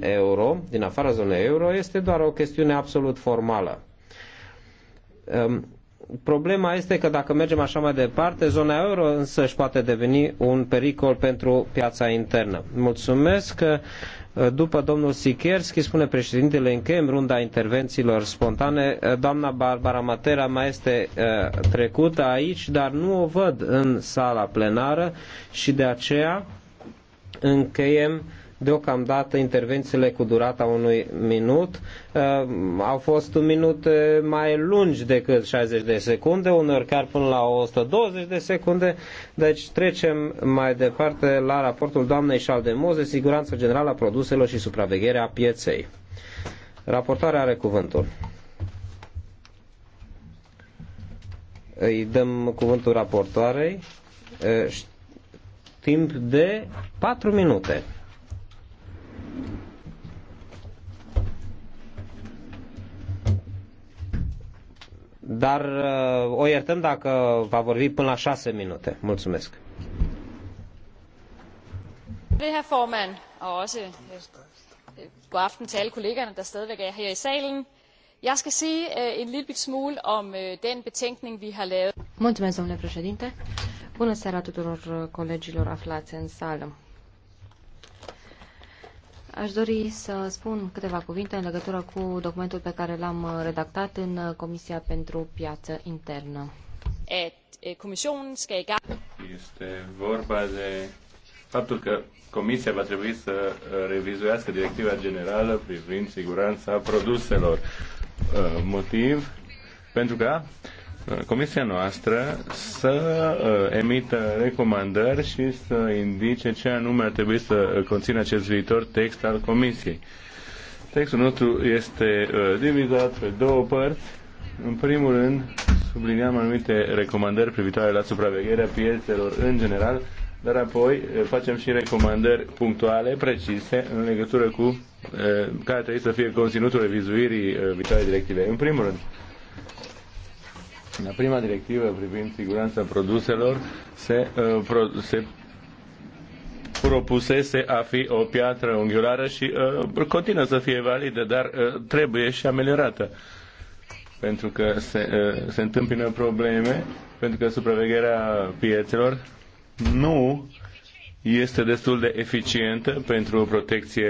euro, din afara zonei euro, este doar o chestiune absolut formală. Ehm, problema este că dacă mergem așa mai departe, zona euro însă își poate deveni un pericol pentru piața internă. Mulțumesc că ehm, după domnul Sikerski, spune președintele, în chem, runda intervențiilor spontane. Ehm, doamna Barbara Matera mai este trecută aici, dar nu o văd în sala plenară și de aceea încheiem Deocamdată intervențiile cu durata unui minut uh, au fost un minut mai lungi decât 60 de secunde, uneori chiar până la 120 de secunde. Deci trecem mai departe la raportul doamnei Șaldemoze, siguranța generală a produselor și supravegherea pieței. Raportarea are cuvântul. Îi dăm cuvântul raportoarei uh, timp de 4 minute. dar uh, o iertăm dacă va vorbi până la șase minute. Mulțumesc. Øh, god aften til alle kollegerne, der stadigvæk er her i salen. Jeg skal sige uh, en lille smule om uh, den betænkning, vi har lavet. Mulțumesc, domnule președinte. Bună seara tuturor uh, colegilor aflați în sală. Aș dori să spun câteva cuvinte în legătură cu documentul pe care l-am redactat în Comisia pentru Piață Internă. Eh, este vorba de faptul că Comisia va trebui să eh, revizuiască directiva generală privind siguranța produselor. Eh, motiv pentru că Comisia noastră să uh, emită recomandări și să indice ce anume ar trebui să conțină acest viitor text al Comisiei. Textul nostru este uh, divizat pe două părți. În primul rând, subliniam anumite recomandări privitoare la supravegherea piețelor în general, dar apoi uh, facem și recomandări punctuale, precise, în legătură cu care trebuie să fie conținutul revizuirii viitoare directive. În primul rând, la prima directivă privind siguranța produselor se, uh, pro, se propusese a fi o piatră unghiulară și uh, continuă să fie validă, dar uh, trebuie și ameliorată. Pentru că se, uh, se întâmplă probleme, pentru că supravegherea piețelor nu este destul de eficientă pentru o protecție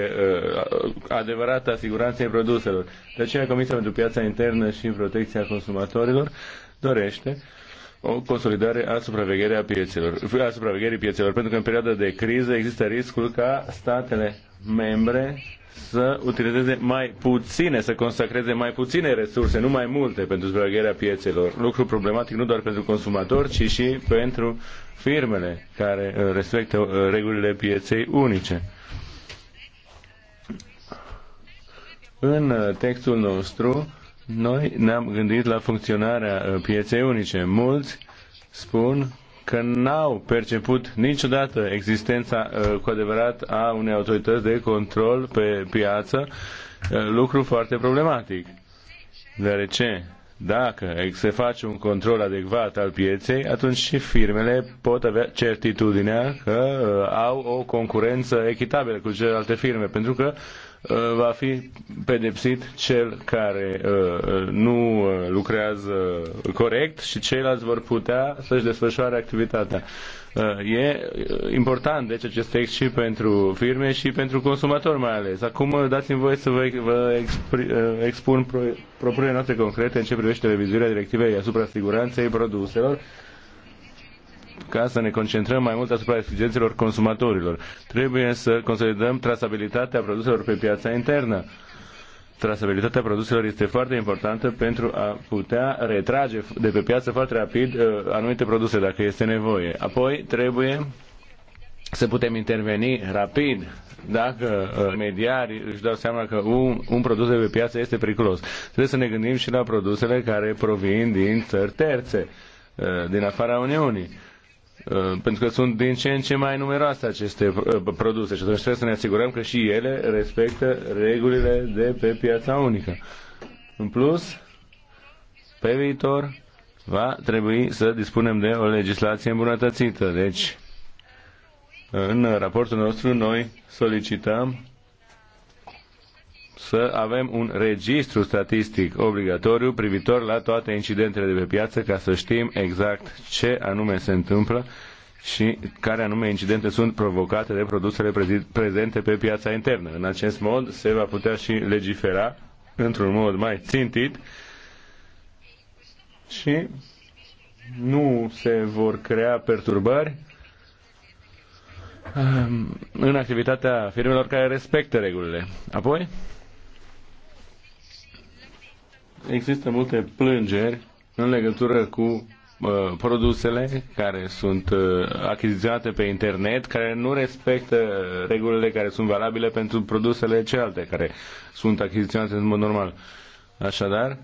uh, adevărată a siguranței produselor. De aceea Comisia pentru Piața Internă și Protecția Consumatorilor dorește o consolidare a supravegherii, a piețelor, a supravegherii piețelor, pentru că în perioada de criză există riscul ca statele membre să utilizeze mai puține, să consacreze mai puține resurse, nu mai multe pentru supravegherea piețelor. Lucru problematic nu doar pentru consumatori, ci și pentru firmele care uh, respectă uh, regulile pieței unice. În uh, textul nostru noi ne-am gândit la funcționarea uh, pieței unice. Mulți spun că n-au perceput niciodată existența uh, cu adevărat a unei autorități de control pe piață, uh, lucru foarte problematic. Deoarece dacă se face un control adecvat al pieței, atunci și firmele pot avea certitudinea că uh, au o concurență echitabilă cu celelalte firme, pentru că uh, va fi pedepsit cel care uh, nu lucrează corect și ceilalți vor putea să-și desfășoare activitatea. Uh, e uh, important, deci, acest text și pentru firme și pentru consumatori mai ales. Acum uh, dați-mi voie să vă, vă expun pro, propunerile noastre concrete în ce privește revizuirea directivei asupra siguranței produselor ca să ne concentrăm mai mult asupra exigențelor consumatorilor. Trebuie să consolidăm trasabilitatea produselor pe piața internă trasabilitatea produselor este foarte importantă pentru a putea retrage de pe piață foarte rapid uh, anumite produse dacă este nevoie. Apoi trebuie să putem interveni rapid dacă uh, mediari își dau seama că un, un produs de pe piață este periculos. Trebuie să ne gândim și la produsele care provin din țări terțe, uh, din afara Uniunii Uh, pentru că sunt din ce în ce mai numeroase aceste uh, produse și atunci trebuie să ne asigurăm că și ele respectă regulile de pe piața unică. În plus, pe viitor va trebui să dispunem de o legislație îmbunătățită. Deci, în raportul nostru noi solicităm să avem un registru statistic obligatoriu privitor la toate incidentele de pe piață ca să știm exact ce anume se întâmplă și care anume incidente sunt provocate de produsele prezente pe piața internă. În acest mod se va putea și legifera într-un mod mai țintit și nu se vor crea perturbări um, în activitatea firmelor care respectă regulile. Apoi, există multe plângeri în legătură cu uh, produsele care sunt uh, achiziționate pe internet, care nu respectă uh, regulile care sunt valabile pentru produsele celelalte care sunt achiziționate în mod normal. Așadar,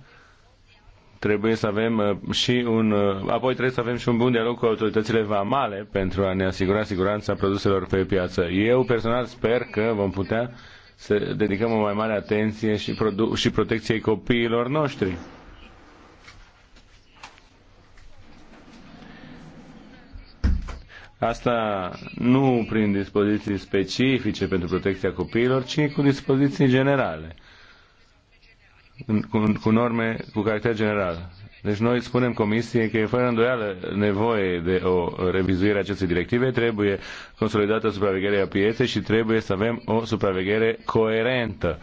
trebuie să avem și un, apoi trebuie să avem și un bun dialog cu autoritățile vamale pentru a ne asigura siguranța produselor pe piață. Eu personal sper că vom putea să dedicăm o mai mare atenție și, și protecției copiilor noștri. Asta nu prin dispoziții specifice pentru protecția copiilor, ci cu dispoziții generale cu, cu norme cu caracter general. Deci noi spunem Comisiei că e fără îndoială nevoie de o revizuire a acestei directive, trebuie consolidată supravegherea pieței și trebuie să avem o supraveghere coerentă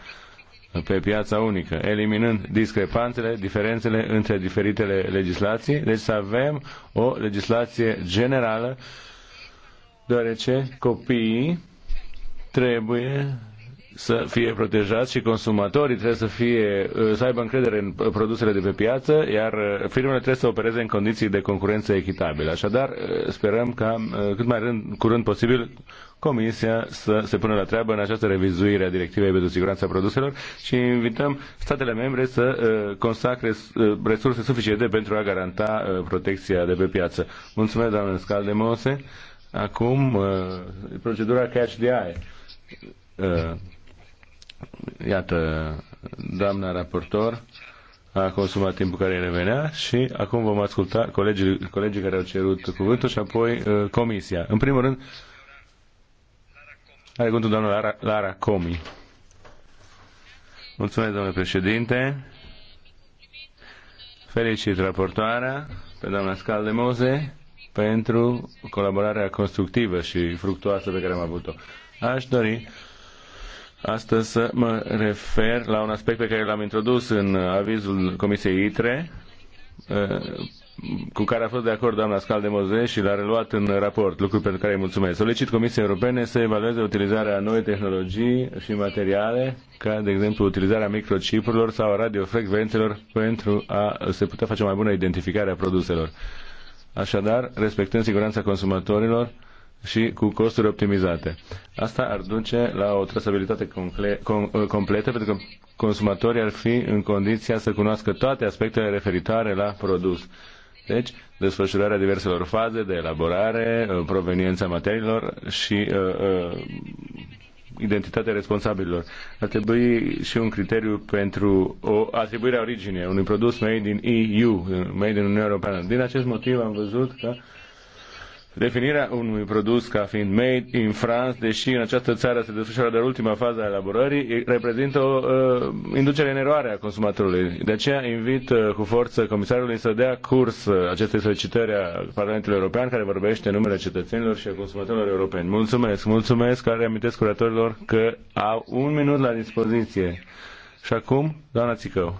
pe piața unică, eliminând discrepanțele, diferențele între diferitele legislații, deci să avem o legislație generală, deoarece copiii trebuie să fie protejați și consumatorii trebuie să, fie, uh, să aibă încredere în produsele de pe piață, iar uh, firmele trebuie să opereze în condiții de concurență echitabilă. Așadar, uh, sperăm ca cât mai rând, curând posibil Comisia să se pună la treabă în această revizuire a Directivei pentru Siguranța Produselor și invităm statele membre să consacre resurse suficiente pentru a garanta protecția de pe piață. Mulțumesc, doamnă Scalde Mose. Acum, procedura catch the eye Iată, doamna raportor a consumat timpul care îi revenea și acum vom asculta colegii, colegii care au cerut cuvântul și apoi uh, comisia. În primul rând, are cuvântul doamna Lara, Lara Comi. Mulțumesc, domnule președinte. Felicit raportoarea pe doamna Scalde Moze pentru colaborarea constructivă și fructuoasă pe care am avut-o. Aș dori astăzi să mă refer la un aspect pe care l-am introdus în avizul Comisiei ITRE, eh, cu care a fost de acord doamna Moze și l-a reluat în raport, lucru pentru care îi mulțumesc. Solicit Comisiei Europene să evalueze utilizarea noi tehnologii și materiale, ca de exemplu utilizarea microchipurilor sau radiofrecvențelor pentru a se putea face mai bună identificarea produselor. Așadar, respectând siguranța consumatorilor, și cu costuri optimizate. Asta ar duce la o trasabilitate uh, completă pentru că consumatorii ar fi în condiția să cunoască toate aspectele referitoare la produs. Deci, desfășurarea diverselor faze de elaborare, uh, proveniența materiilor și uh, uh, identitatea responsabililor. Ar trebui și un criteriu pentru o atribuire a originei unui produs made in EU, made in Uniunea Europeană. Din acest motiv am văzut că uh, Definirea unui produs ca fiind made in France, deși în această țară se desfășoară doar de ultima fază a elaborării, reprezintă o uh, inducere în eroare a consumatorului. De aceea invit uh, cu forță comisarului să dea curs uh, acestei solicitări a Parlamentului European care vorbește în numele cetățenilor și a consumatorilor europeni. Mulțumesc, mulțumesc, care amintesc curatorilor că au un minut la dispoziție. Și acum, doamna Țicău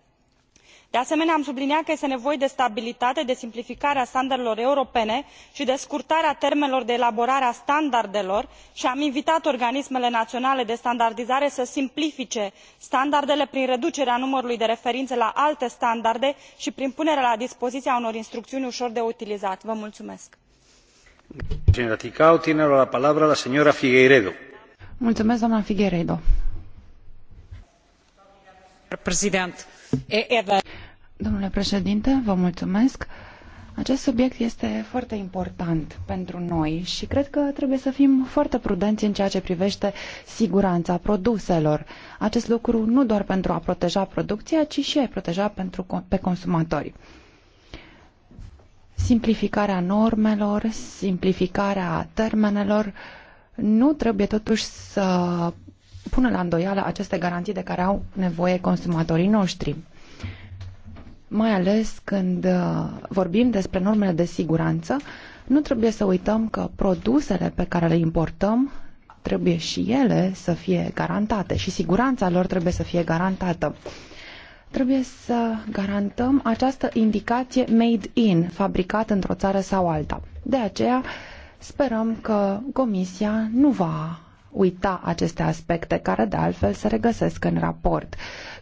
de asemenea am subliniat că este nevoie de stabilitate de simplificare a standardelor europene i de scurtarea termenelor de elaborare a standardelor i am invitat organismele naionale de standardizare să simplifice standardele prin reducerea numărului de referine la alte standarde i prin punerea la dispoziie a unor instruciuni uor de utilizat. Vă mulțumesc. Mulțumesc, Domnule președinte, vă mulțumesc. Acest subiect este foarte important pentru noi și cred că trebuie să fim foarte prudenți în ceea ce privește siguranța produselor. Acest lucru nu doar pentru a proteja producția, ci și a proteja pentru, pe consumatori. Simplificarea normelor, simplificarea termenelor nu trebuie totuși să pună la îndoială aceste garanții de care au nevoie consumatorii noștri mai ales când uh, vorbim despre normele de siguranță, nu trebuie să uităm că produsele pe care le importăm trebuie și ele să fie garantate și siguranța lor trebuie să fie garantată. Trebuie să garantăm această indicație made in, fabricat într-o țară sau alta. De aceea sperăm că Comisia nu va uita aceste aspecte, care de altfel se regăsesc în raport.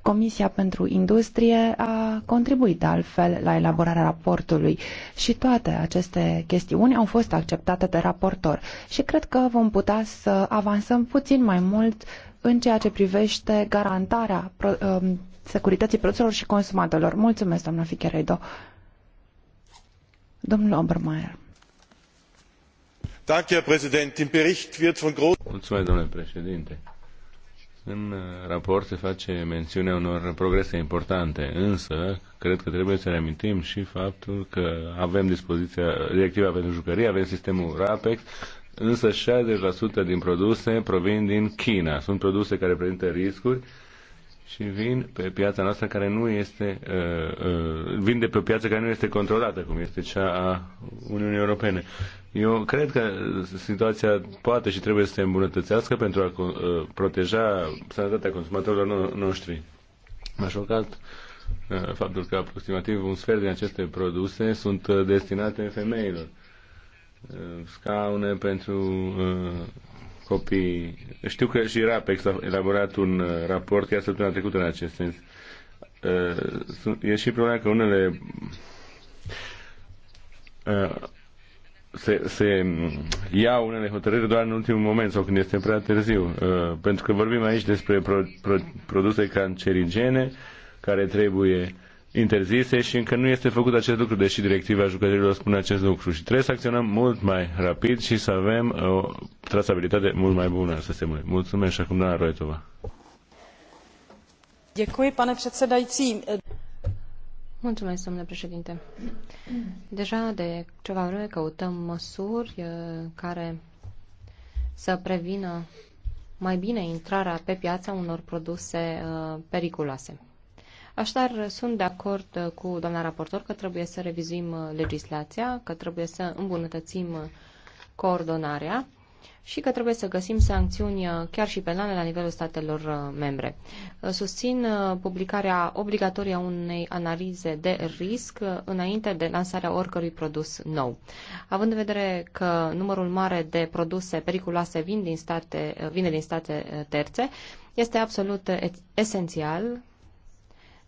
Comisia pentru Industrie a contribuit de altfel la elaborarea raportului și toate aceste chestiuni au fost acceptate de raportor și cred că vom putea să avansăm puțin mai mult în ceea ce privește garantarea um, securității produselor și consumatorilor. Mulțumesc, doamna Ficheredo. Domnul Obermeier. Mulțumesc, domnule președinte. În raport se face mențiunea unor progrese importante, însă cred că trebuie să reamintim și faptul că avem dispoziția, directiva pentru jucării, avem sistemul RAPEX, însă 60% din produse provin din China. Sunt produse care prezintă riscuri și vin pe piața noastră care nu este, uh, uh, vin de pe o piață care nu este controlată, cum este cea a Uniunii Europene. Eu cred că situația poate și trebuie să se îmbunătățească pentru a uh, proteja sănătatea consumatorilor no- noștri. M-a șocat uh, faptul că aproximativ un sfert din aceste produse sunt uh, destinate femeilor. Uh, scaune pentru uh, copii. Știu că și RAPEX a elaborat un uh, raport chiar săptămâna trecută în acest sens. Uh, e și problema că unele uh, se, se iau unele hotărâri doar în ultimul moment sau când este prea târziu. Pentru că vorbim aici despre produse cancerigene care trebuie interzise și încă nu este făcut acest lucru, deși directiva jucătorilor spune acest lucru. Și trebuie să acționăm mult mai rapid și să avem uh, o trasabilitate mult mai bună a sistemului. Mulțumesc și acum doamna Roetova. Děkuji, pane předsedající. Mulțumesc, domnule președinte. Deja de ceva vreme căutăm măsuri uh, care să prevină mai bine intrarea pe piața unor produse uh, periculoase. Așadar, sunt de acord uh, cu doamna raportor că trebuie să revizuim uh, legislația, că trebuie să îmbunătățim uh, coordonarea și că trebuie să găsim sancțiuni chiar și penale la nivelul statelor membre. Susțin publicarea obligatorie a unei analize de risc înainte de lansarea oricărui produs nou. Având în vedere că numărul mare de produse periculoase vin din state, vine din state terțe, este absolut esențial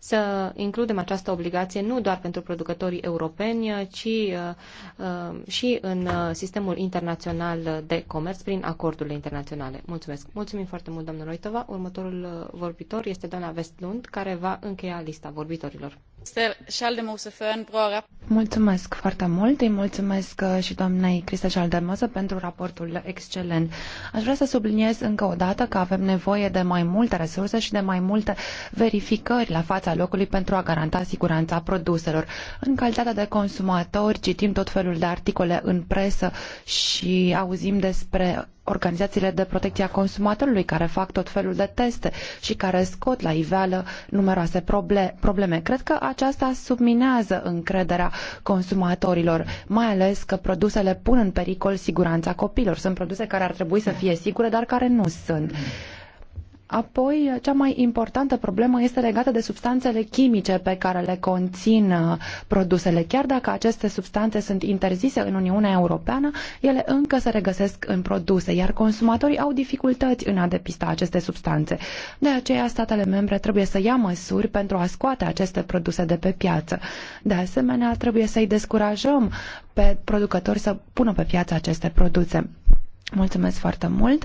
să includem această obligație nu doar pentru producătorii europeni, ci uh, uh, și în uh, sistemul internațional de comerț prin acordurile internaționale. Mulțumesc! Mulțumim foarte mult, doamnă Roitova. Următorul vorbitor este doamna Vestlund, care va încheia lista vorbitorilor. Mulțumesc foarte mult, îi mulțumesc uh, și doamnei Crista Șaldemoză pentru raportul excelent. Aș vrea să subliniez încă o dată că avem nevoie de mai multe resurse și de mai multe verificări la fața locului pentru a garanta siguranța produselor. În calitate de consumatori citim tot felul de articole în presă și auzim despre organizațiile de protecție a consumatorului care fac tot felul de teste și care scot la iveală numeroase probleme. Cred că aceasta subminează încrederea consumatorilor, mai ales că produsele pun în pericol siguranța copiilor. Sunt produse care ar trebui să fie sigure, dar care nu sunt. Apoi, cea mai importantă problemă este legată de substanțele chimice pe care le conțin uh, produsele. Chiar dacă aceste substanțe sunt interzise în Uniunea Europeană, ele încă se regăsesc în produse, iar consumatorii au dificultăți în a depista aceste substanțe. De aceea, statele membre trebuie să ia măsuri pentru a scoate aceste produse de pe piață. De asemenea, trebuie să-i descurajăm pe producători să pună pe piață aceste produse. Mulțumesc foarte mult!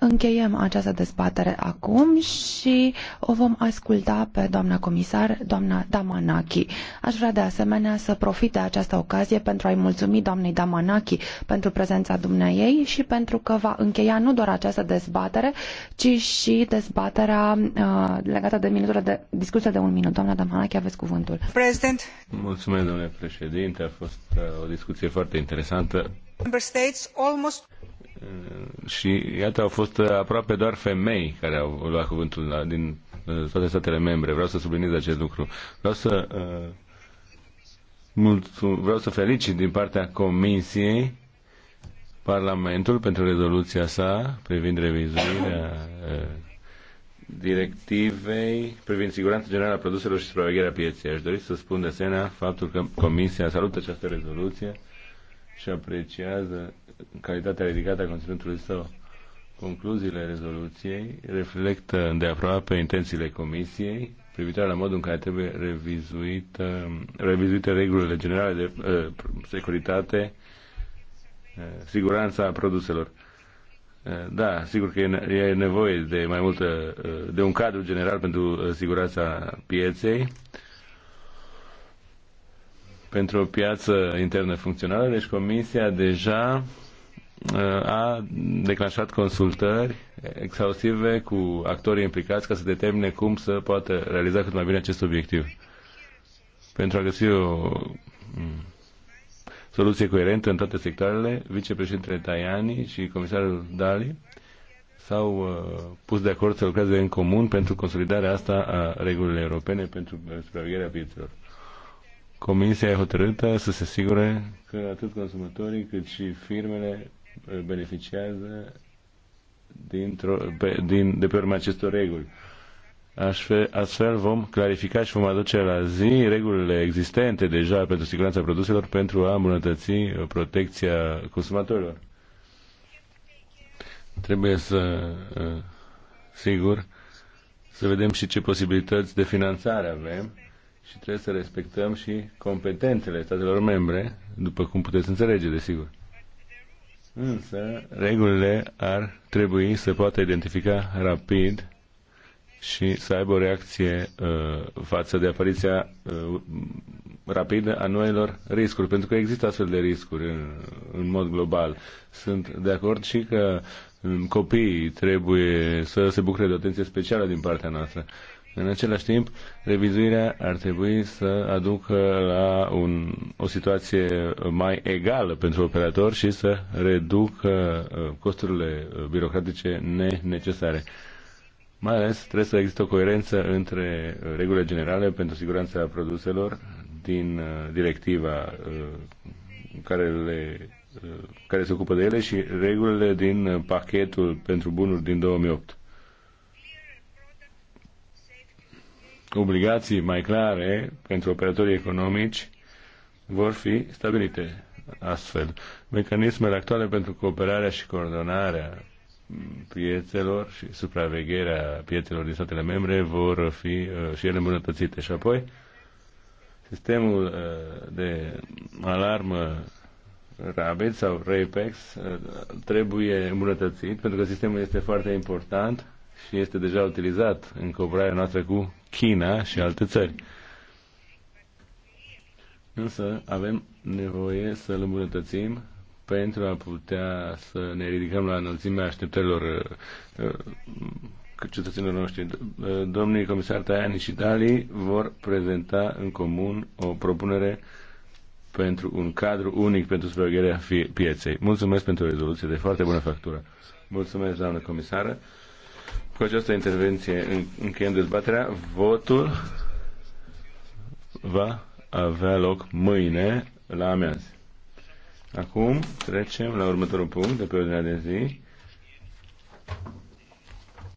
Încheiem această dezbatere acum și o vom asculta pe doamna comisar, doamna Damanaki. Aș vrea de asemenea să profit de această ocazie pentru a-i mulțumi doamnei Damanaki pentru prezența dumneiei și pentru că va încheia nu doar această dezbatere, ci și dezbaterea uh, legată de minutul de discuție de un minut. Doamna Damanaki, aveți cuvântul. President. Mulțumesc, domnule președinte. A fost uh, o discuție foarte interesantă și iată au fost aproape doar femei care au luat cuvântul la, din uh, toate statele membre. Vreau să subliniez acest lucru. Vreau să uh, mulțum, vreau să felicit din partea Comisiei Parlamentul pentru rezoluția sa privind revizuirea uh, directivei privind siguranța generală a produselor și supravegherea pieței. Aș dori să spun de asemenea faptul că Comisia salută această rezoluție și apreciază calitatea ridicată a conținutului său. Concluziile rezoluției reflectă de aproape intențiile Comisiei privitoare la modul în care trebuie revizuită, revizuite regulile generale de uh, securitate, uh, siguranța produselor. Uh, da, sigur că e, e nevoie de mai multă, uh, de un cadru general pentru uh, siguranța pieței, pentru o piață internă funcțională, deci Comisia deja Uh, a declanșat consultări exhaustive cu actorii implicați ca să determine cum să poată realiza cât mai bine acest obiectiv. Pentru a găsi o mm, soluție coerentă în toate sectoarele, vicepreședintele Tajani și comisarul Dali s-au uh, pus de acord să lucreze în comun pentru consolidarea asta a regulilor europene pentru supravegherea piețelor. Comisia e hotărâtă să se asigure că atât consumatorii cât și firmele beneficiază dintr-o, pe, din, de pe urma acestor reguli. Astfel, astfel vom clarifica și vom aduce la zi regulile existente deja pentru siguranța produselor pentru a îmbunătăți uh, protecția consumatorilor. Trebuie să, uh, sigur, să vedem și ce posibilități de finanțare avem și trebuie să respectăm și competențele statelor membre, după cum puteți înțelege, desigur. Însă, regulile ar trebui să poată identifica rapid și să aibă o reacție uh, față de apariția uh, rapidă a noilor riscuri, pentru că există astfel de riscuri în, în mod global. Sunt de acord și că um, copiii trebuie să se bucure de o atenție specială din partea noastră. Uh, în același timp, revizuirea ar trebui să aducă la un, o situație mai egală pentru operator și să reducă uh, costurile birocratice nenecesare. Mai ales trebuie să există o coerență între uh, regulile generale pentru siguranța produselor din uh, directiva care, le, care se ocupă de ele și regulile din pachetul pentru bunuri din 2008. obligații mai clare pentru operatorii economici vor fi stabilite astfel. Mecanismele actuale pentru cooperarea și coordonarea piețelor și supravegherea piețelor din statele membre vor fi uh, și ele îmbunătățite. Și apoi, sistemul uh, de alarmă Rabbit sau Rapex uh, trebuie îmbunătățit pentru că sistemul este foarte important și este deja utilizat în cooperarea noastră cu China și alte țări. Însă avem nevoie să îl îmbunătățim pentru a putea să ne ridicăm la înălțimea așteptărilor uh, cetățenilor noștri. Uh, domnii comisar Tajani și Dali vor prezenta în comun o propunere pentru un cadru unic pentru supravegherea pieței. Mulțumesc pentru rezoluție de foarte bună factură. Mulțumesc, doamnă comisară. Cu această intervenție încheiem dezbaterea. Votul va avea loc mâine la amiază. Acum trecem la următorul punct de pe ordinea de zi.